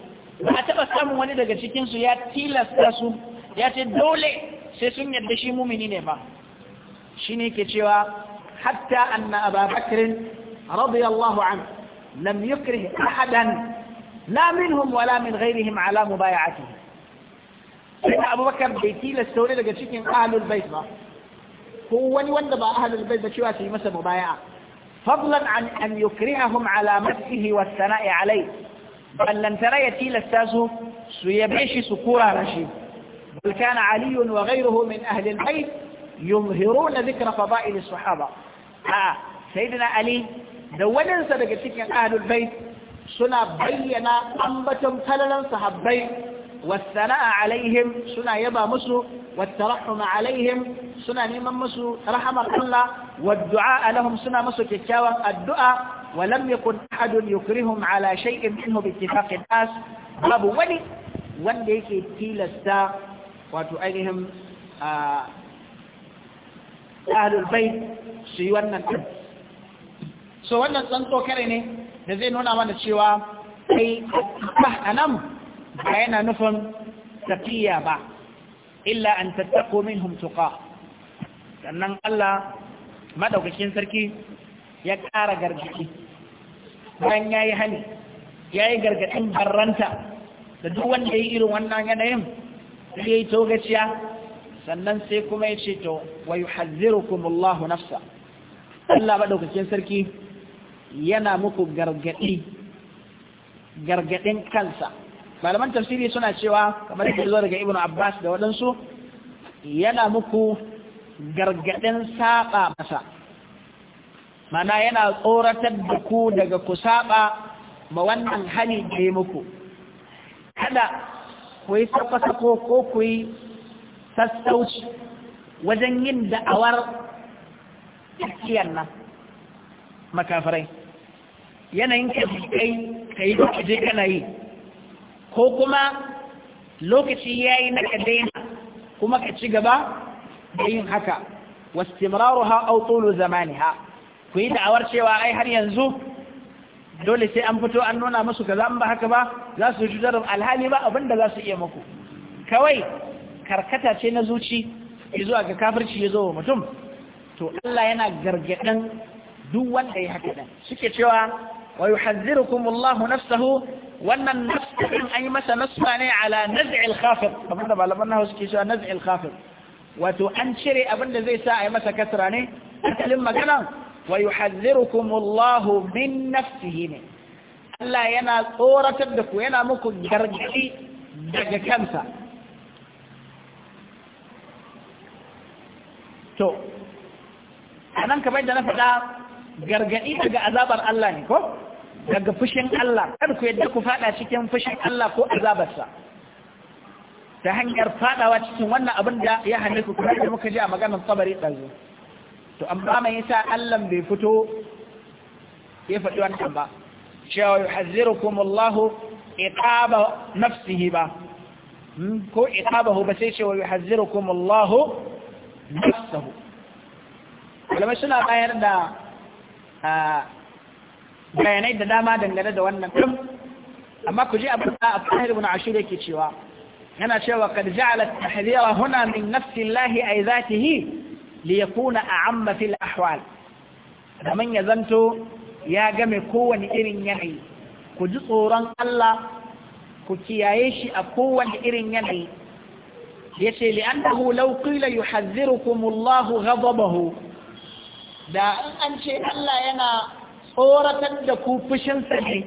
ba a taɓa samun wani daga cikinsu ya tilasta su ya ce dole sai sun yarda shi mumini ne ba shi ne ke cewa hatta anna ababakirin radiyallahu an lam yukrih ahadan la minhum wala min ghairihim ala mubaya'atihi sai abubakar bai tilasta wani daga cikin ahlul bait ba ko wani wanda ba ahlul bait ba cewa su yi masa mubaya'a فضلا عن أن يكرههم على مدحه والثناء عليه بل لن ترى يتيل أستاذه سيبعش سكورا رشيد بل كان علي وغيره من أهل البيت يظهرون ذكر فضائل الصحابة آه، سيدنا علي دولا سبقتك أهل البيت سنا بينا أنبة مثللا صحبين والثناء عليهم سنا يبا مسو والترحم عليهم suna neman masu rahamar Allah wa du'a lahum suna masu kyakkyawan addu'a wa lam yakun ahadun yukrihum ala shay'in minhu bi ittifaqin nas babu wani wanda yake tilasta wato ainihin ahlul bait su yi wannan so wannan tsanto kare ne da zai nuna mana cewa kai anan ba yana nufin tafiya ba illa an tattako minhum tuka sannan Allah madaukakin sarki ya ƙara gargaɗi bayan ya yi hali ya yi gargaɗin barranta da duk wanda ya yi irin wannan yanayin sai ya yi togaciya sannan sai kuma ya ce to wa yi hazzirukumullahu nafsa Allah maɗaukacin sarki yana muku gargaɗi gargaɗin kansa malaman tafsiri suna cewa kamar yadda zuwa daga ibn abbas da waɗansu yana muku gargaɗin saɓa masa mana yana tsoratar da ku daga ku saɓa ma wannan hali da muku kada ku yi sako ko ku yi sassauci wajen yin da'awar tsakiyar nan makafarai yanayin ka kai ka yi kaje kana yi ko kuma lokaci ya yi na ka daina kuma ka ci gaba da yin haka wastimraruha aw tulu ha ku yi da'awar cewa ai har yanzu dole sai an fito an nuna musu kaza an ba haka ba za su ji darar alhali ba abinda za su iya muku kawai karkata ce na zuci zuwa ga kafirci ya zo mutum to Allah yana gargaɗin duk wanda haka suke cewa wa yuhazzirukum Allahu nafsahu wannan nafsa an yi masa nasfa ne ala naz'il kafir kamar da malaman nahu suke cewa naz'il kafir. wato an cire abin da zai sa a yi masa kasra ne asalin magana wa yuhadhdhirukum Allahu min nafsihi ne Allah yana tsoratar da ku yana muku gargadi daga kansa to anan kamar da na faɗa gargadi daga azabar Allah ne ko daga fushin Allah kar ku yadda ku faɗa cikin fushin Allah ko azabarsa ta hanyar fadawa cikin wannan abin da ya hane su kuma da muka ji a maganar sabari ɗazu to an amma mai yasa Allah bai fito ya faɗi wannan ba cewa yuhazzirukum Allah iqaba nafsihi ba hmm? ko iqabahu ba sai cewa yuhazzirukum Allah nafsuhu malamai suna bayar da bayanai da dama dangane da wannan amma ku ji abin da abu fahimtar ibn ashur yake cewa yana cewa kad ja'ala tahdhira huna min nafsi Allah ay zatihi li a'amma fil ahwal da man ya zanto ya game kowani irin yanayi ku ji tsoron Allah ku kiyaye shi a kowani irin yanayi yace li'annahu law qila yuhadhdhirukum Allah ghadabahu da an ce Allah yana tsoratar da ku fushinsa ne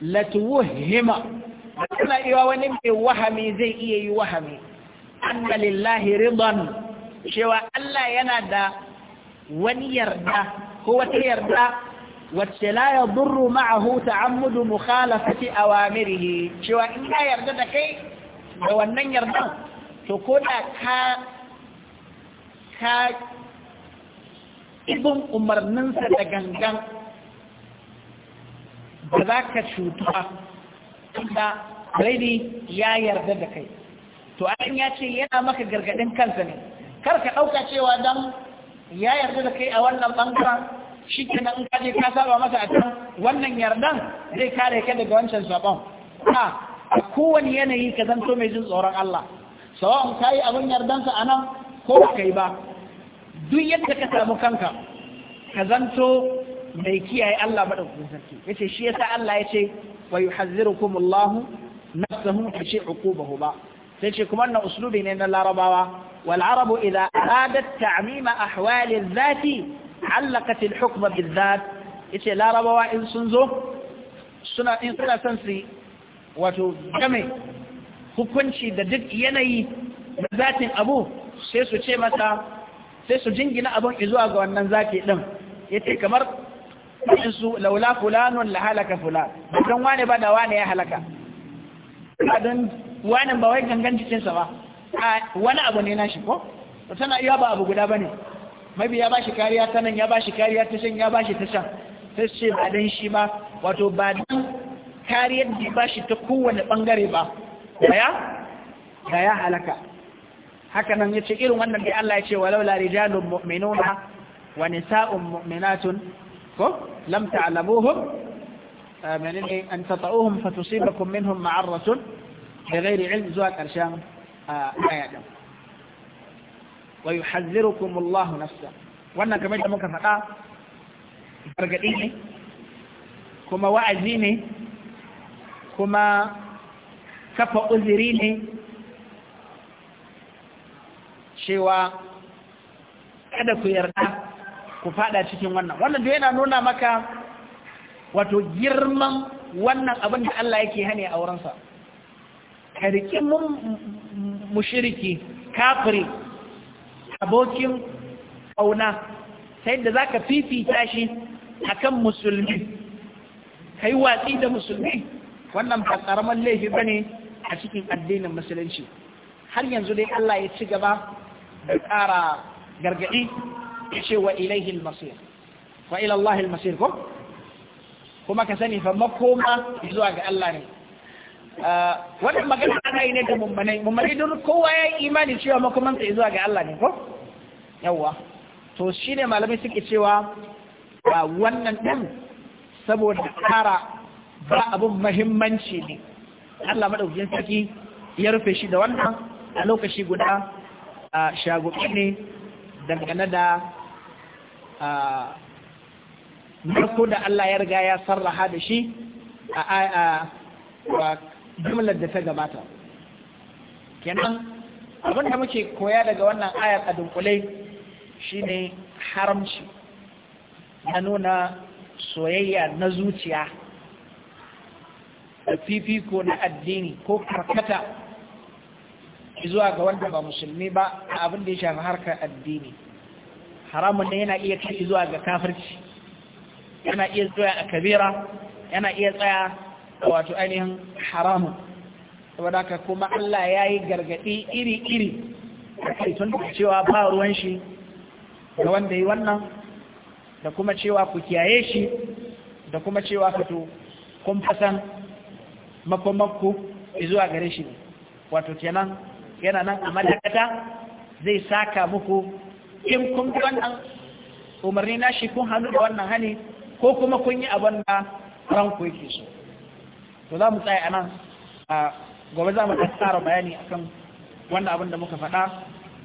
latuwhima suna iya wani mai wahami zai iya yi wahami anna lillahi ridan cewa Allah yana da wani yarda ko wata yarda wacce la yadurru ma'ahu ta'ammudu mukhalafati awamirihi cewa in ka yarda da kai da wannan yardan to ko da ka ka umarninsa da gangan ba za ka cuta tunda raini ya yarda da kai to ayin ya ce yana maka gargadin kansa ne kar ka ɗauka cewa dan ya yarda da kai a wannan ɓangaren shi kenan in kaje ka saba masa a can wannan yardan zai kare ka daga wancan sabon a kowane yanayi ka zanto mai jin tsoron Allah sawa'un ka yi abin yardansa a nan ko ba ka yi ba duk yadda ka samu kanka ka zanto mai kiyaye Allah maɗaukakin sarki ya ce shi yasa Allah ya ce wa yuhazzirukum Allah nafsahu bi shi uqubahu ba sai kuma na uslubi ne na larabawa wal arabu idza aradat ta'mima ahwal al-dhati allaqat al-hukm bil-dhat yace larabawa in sun zo suna in suna son wato game hukunci da duk yanayi na zatin abu sai su ce masa sai su jingina abin izuwa ga wannan zaki din yace kamar su laula fulanun la halaka fulan don wane ba da wane ya halaka don wane ba wai gangan cikinsa ba a wani abu ne nashi ko tana iya ba abu guda bane mabi ya bashi kariya ta nan ya bashi kariya ta can ya bashi ta can sai ce ba dan shi ba wato ba dan kariyar da shi ta kowane bangare ba daya daya halaka haka nan ce irin wannan da Allah ya ce walaula rijalun mu'minuna wa nisa'un mu'minatun صح لم تعلموهم آه، من ان إيه، ان تطؤوهم فتصيبكم منهم معره بغير علم زوال ارشام ايات آه، ويحذركم الله نفسه وانا كما انت ممكن فدا فرغديني كما وعزيني كما كفى اذريني شيوا kada ku ku fada cikin wannan wannan da yana nuna maka wato girman wannan abin da Allah yake hane a wurinsa ka riƙi mushiriki kafiri abokin ƙauna sai da za ka fifita shi a kan musulmi ka yi watsi da musulmi wannan ba ƙaramin laifi ba ne a cikin addinin musulunci har yanzu dai Allah ya ci gaba da ƙara gargaɗi yace wa ilaihi al-masir wa ila Allah al-masir ko kuma ka sani fa makoma zuwa ga Allah ne ah, wannan magana ana yi ne da mummanai mummanai don kowa ya yi imani cewa makomansa zuwa ga Allah ne ko yawa to shine malamai suke cewa ba ah, wannan din saboda kara ba abun mahimmanci ne Allah madaukakin saki ya rufe shi da wannan a lokaci guda a ah, shagobi ne dangane da marko da Allah ya riga ya sarraha da shi a jimlar da ta gabata kenan abin da muke koya daga wannan ayar a dunkule ne haramci na nuna soyayya na zuciya da fifiko na addini ko karkata zuwa ga wanda ba musulmi ba abin da ya shafi harkar addini haramun da yana iya kai zuwa ga kafirci yana iya zuwa a kabira yana iya tsaya wato ainihin haramun saboda ka kuma Allah ya yi gargaɗi iri-iri kai tun da cewa ba ruwan shi da wanda yi wannan da kuma cewa ku kiyaye shi da kuma cewa fito kun fasan makomakku zuwa gare shi wato kenan yana nan a madakata zai saka muku in kun bi wannan umarni na shi kun hannu da wannan hani ko kuma kun yi abin da ranku yake so to za mu tsaya a nan a gobe za mu tsara bayani akan wannan abin da muka faɗa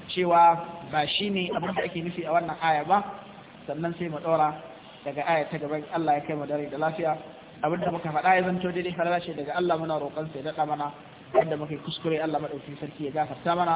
cewa ba shi ne abin da ake nufi a wannan aya ba sannan sai mu ɗora daga aya ta gaban Allah ya kai mu dare da lafiya abin da muka faɗa ya zanto daidai halala ce daga Allah muna roƙon sai daɗa mana wanda muka kuskure Allah maɗauki sarki ya gafarta mana